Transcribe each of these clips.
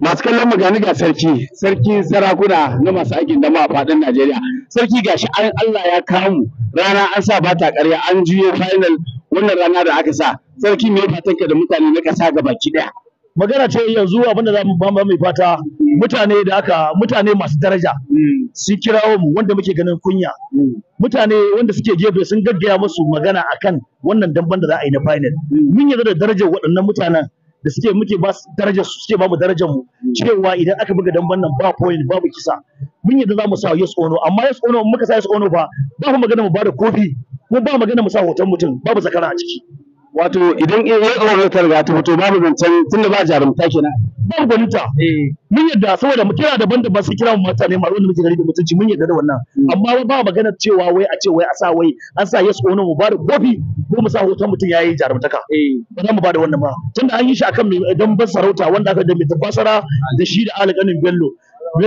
masu kallon magani ga sarki sarki sarakuna na masu aikin dama a fadin Najeriya sarki gashi an Allah ya kamu rana an sa bata karya an juye final wannan rana da aka sa sarki me fatanka da mutane na ƙasa ga baki daya magana ce yanzu abin da za mu ba mai fata mutane da aka mutane masu daraja hmm. su kirawo mu wanda muke ganin kunya hmm. mutane wanda suke gefe sun gaggaya musu magana akan wannan damban da za a yi na final hmm. mun yarda da darajar waɗannan mutanen da suke muke ba su darajar su suke ba mu darajar mu hmm. cewa idan aka buga damban nan ba point babu kisa mun yadda za mu sa yes ono amma yes ono mun muka sa yes ono ba ba mu magana mu ba da kofi mu ba magana mu sa hoton mutum babu zakara a ciki wato idan in ya tsoron ta riga ta fito babu zancen tunda ba jarumta kenan babu gwaninta eh. mun yadda saboda mu kira daban daban sai kira mu mutane ma da muke gari da mutunci mun yadda da wannan hmm. amma ba magana cewa wai a ce wai a sa wai an sa yes ko no mu da kofi ko mu sa hoton mutum yayi jarumtaka eh. ba za mu bada wannan ba tunda an yi shi akan dan ba sarauta wanda aka da mai tabbasara da shi da alƙalin bello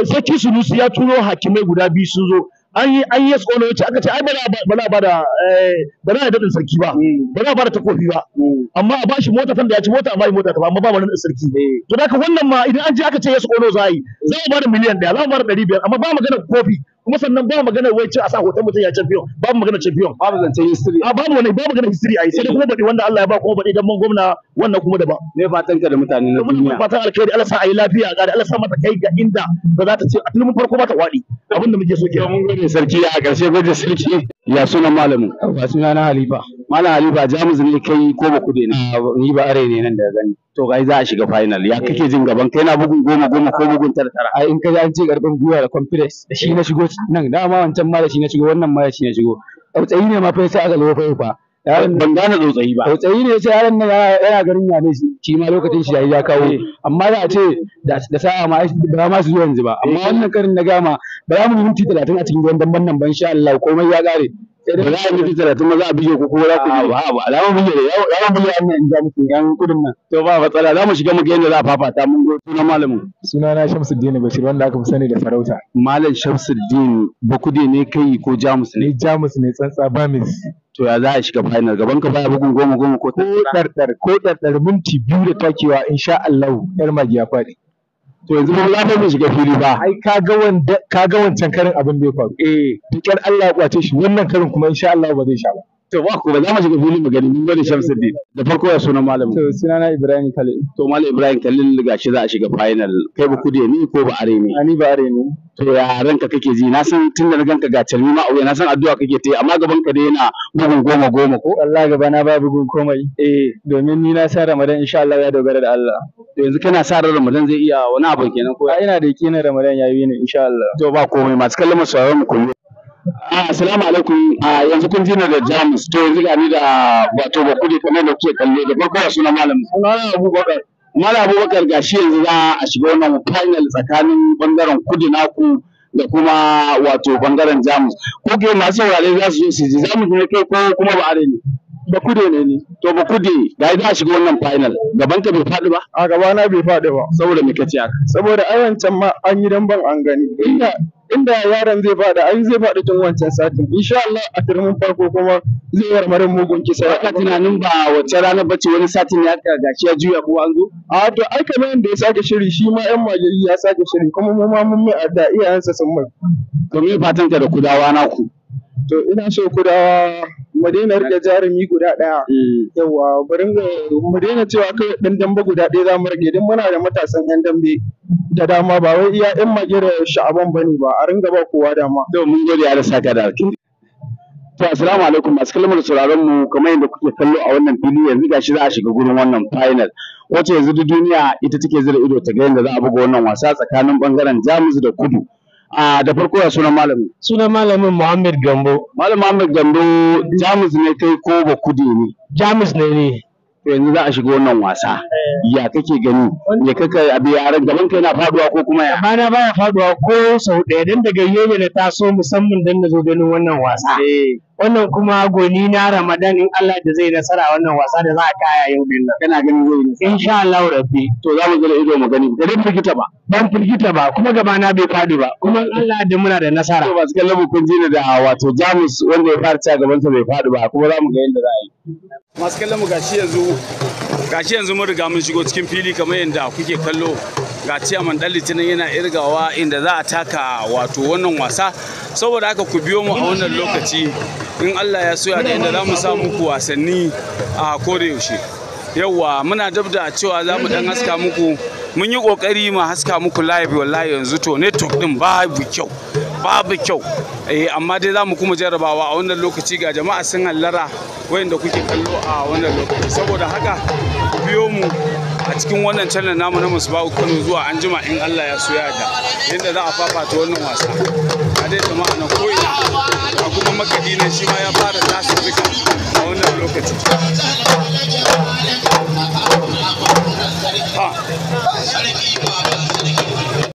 sai kisu nusu ya turo hakimai guda biyu sun zo an yi an yi ce aka ce ai ba za ba da eh, ba na dadin sarki ba hmm. ba na ba da takofi ba hmm. amma a bashi mota tanda ya ci mota amma mota ta ba amma ba wani sarki hmm. to da ka wannan ma idan an je aka ce ya tsono za a yi za ba da miliyan daya za a ba da ɗari biyar amma ba magana kofi kuma sannan ba magana wai ce a sa hoton mutum ya champion babu magana champion babu zance history a babu wani babu magana history ai sai kuma bade wanda Allah ya ba kuma bade dan mun gwamna wannan kuma da ba. me fatan ka da mutane na duniya fatan alkhairi Allah sa ayi lafiya ga Allah sa mata kai ga inda ba za ta ce a filmin farko ba ta wadi abinda muke so ke mun gode sarki a karshe gode sarki ya suna malamin ba suna na halifa Malam Ali ba Jamus ne kai ko ba ku na ni ba are ne nan da gani. To kai za a shiga final ya kake jin gaban kai na bugun goma goma ko bugun tara tara. Ai in ka an ce garban gwiwa da confidence da shi na shigo nan dama wancan ma da shi na shigo wannan ma da shi na shigo. Tsautsayi ne ma fa sai aka zo fa fa. ban gane tsautsayi ba tsautsayi ne sai yaron nan yana garin ya ne shi ma lokacin shi yayi ya kawo eh. amma za a ce da sa'a ma ba ma su yanzu ba amma eh. wannan karin na gama ba za mu yi minti 30 a cikin gwandan nan ban sha Allah komai ya kare ba za a miki talatin ma za a bige ku ko za ku bige ba ba za mu bige da za mu bige annan in ga miki yan kudin nan to ba matsala za mu shiga mu ga yadda za a fafata mun go sunan malamin sunana Shamsuddin Bashir wanda aka fi sani da farauta. malam Shamsuddin bakude ne kai ko Jamus ne Jamus ne tsantsa ba Bamis to ya za a shiga final gaban ka baya bugun goma goma ko tsar ko tsar ko tsar minti biyu da takewa insha Allah yar magiya faɗi to yanzu ba lafa bai shiga fili ba ai ka ga wancan karin abin da ya faru eh dukkan Allah ya kwace shi wannan karin kuma insha Allah ba zai sha ba To ba ku ba za mu shiga filin gani mun gani Shamsuddin. Da farko ya sunan malamin. To sunana Ibrahim Khalil. To malam Ibrahim Khalil shi za a shiga final. Kai ba kudi ni ko ba are ni? Ani ba are ne. To ya ranka kake ji na san tun da na ganka ga talmi ma auya na san addu'a kake ta yi amma gaban ka dai yana bugun goma goma ko? Allah gaba na ba bugun komai. Eh domin ni na sa Ramadan insha Allah ya dogara da Allah. To yanzu kana sa ran Ramadan zai iya wani abu kenan ko? Ina da yakinin Ramadan ya yi ne insha Allah. To ba komai masu kallon mu sauraron mu kullum. Ah, assalamu alaikum ah, yanzu kun jina da Jamus to yanzu gani da wato ba kuɗi kamar da kuke kalle da farko suna malam sunana Abubakar Malam Abubakar gashi yanzu za a shiga wannan final tsakanin bangaren kudi naku da kuma wato bangaren Jamus ko ke masu saurare za su zo su ji Jamus ne kai ko kuma ba are ne ba kude ne ni to ba kude ga za a shiga wannan final gaban ka bai faɗi ba a gaba na bai faɗi ba saboda me kace haka saboda ayancan ma an yi dan ban an gani inda yaron zai fadi, ai zai faɗi tun wancan satin insha Allah a turmin farko kuma zai warware mugun kisa ya tunanin ba wacce rana bace wani satin ya ka gashi ya juya ko an zo a to ai kamar yanda ya sake shiri shi ma yan majayi ya sake shiri kuma mu ma mun mai adda iyayensa sun mai to me fatan ka da kudawa na ku to ina so kudawa mu daina rike jarumi guda ɗaya eh. yawa bari mu daina cewa kai ɗan dambe guda ɗaya za mu rage din muna da matasan ɗan dambe da dama ba wai iya ɗan magira sha'aban ba ne ba a ringa ba kowa dama. To mun gode ya da saka da alkhairi. To assalamu alaikum masu kalmar sauraron mu kamar yadda kuke kallo a wannan fili yanzu gashi za a shiga gurin wannan final. Wace yanzu duniya ita take zira ido ta ga yadda za a buga wannan wasa tsakanin bangaren Jamus da Kudu. A ah, da farko ya sunan malamin. Sunan malamin Muhammad Gambo. Malam Muhammad Gambo Jamus ne kai ko ba kudi ne? Jamus ne ne. To yanzu za a shiga wannan wasa. Eh. Ya kake gani? Ya kaka a ya gaban kai na faduwa ko kuma ya? Bana baya faduwa ko sau ɗaya dan daga yau ne na taso musamman dan na zo ganin wannan wasa. Eh. wannan kuma goni na Ramadan in Allah da zai nasara wannan wasa da za a kaya yau din nan kana ganin zai nasara insha Allah rabbi to za mu gina ido mu gani da rin fikita ba ban fikita ba kuma gaba na bai fadi ba kuma Allah da muna da nasara to ba su kallon kun ji da wato Jamus wanda ya fara ci gaban sa bai fadi ba kuma za mu ga yadda za a yi masu kallon mu gashi yanzu gashi yanzu mun riga mun shigo cikin fili kamar yadda kuke kallo ga ciyaman dan litinin yana irgawa inda za a taka wato wannan wasa saboda haka ku biyo mu a wannan lokaci in Allah ya soya da inda za mu samu ku wasanni a kore yaushe yawwa muna dab da cewa za mu dan haska muku mun yi kokari mu haska muku live wallahi yanzu to network din babu kyau babu kyau eh, amma dai za mu kuma jarrabawa a wannan lokaci ga jama'a sun hallara wayanda kuke kallo a wannan lokaci saboda haka ku biyo mu a cikin wannan channel namu na babu kano zuwa anjima in allah ya so ya da yadda za a fafata wannan wasa a dai jama'a na ko'ina a kuma makadi na shi ma ya fara tasirin a wannan lokaci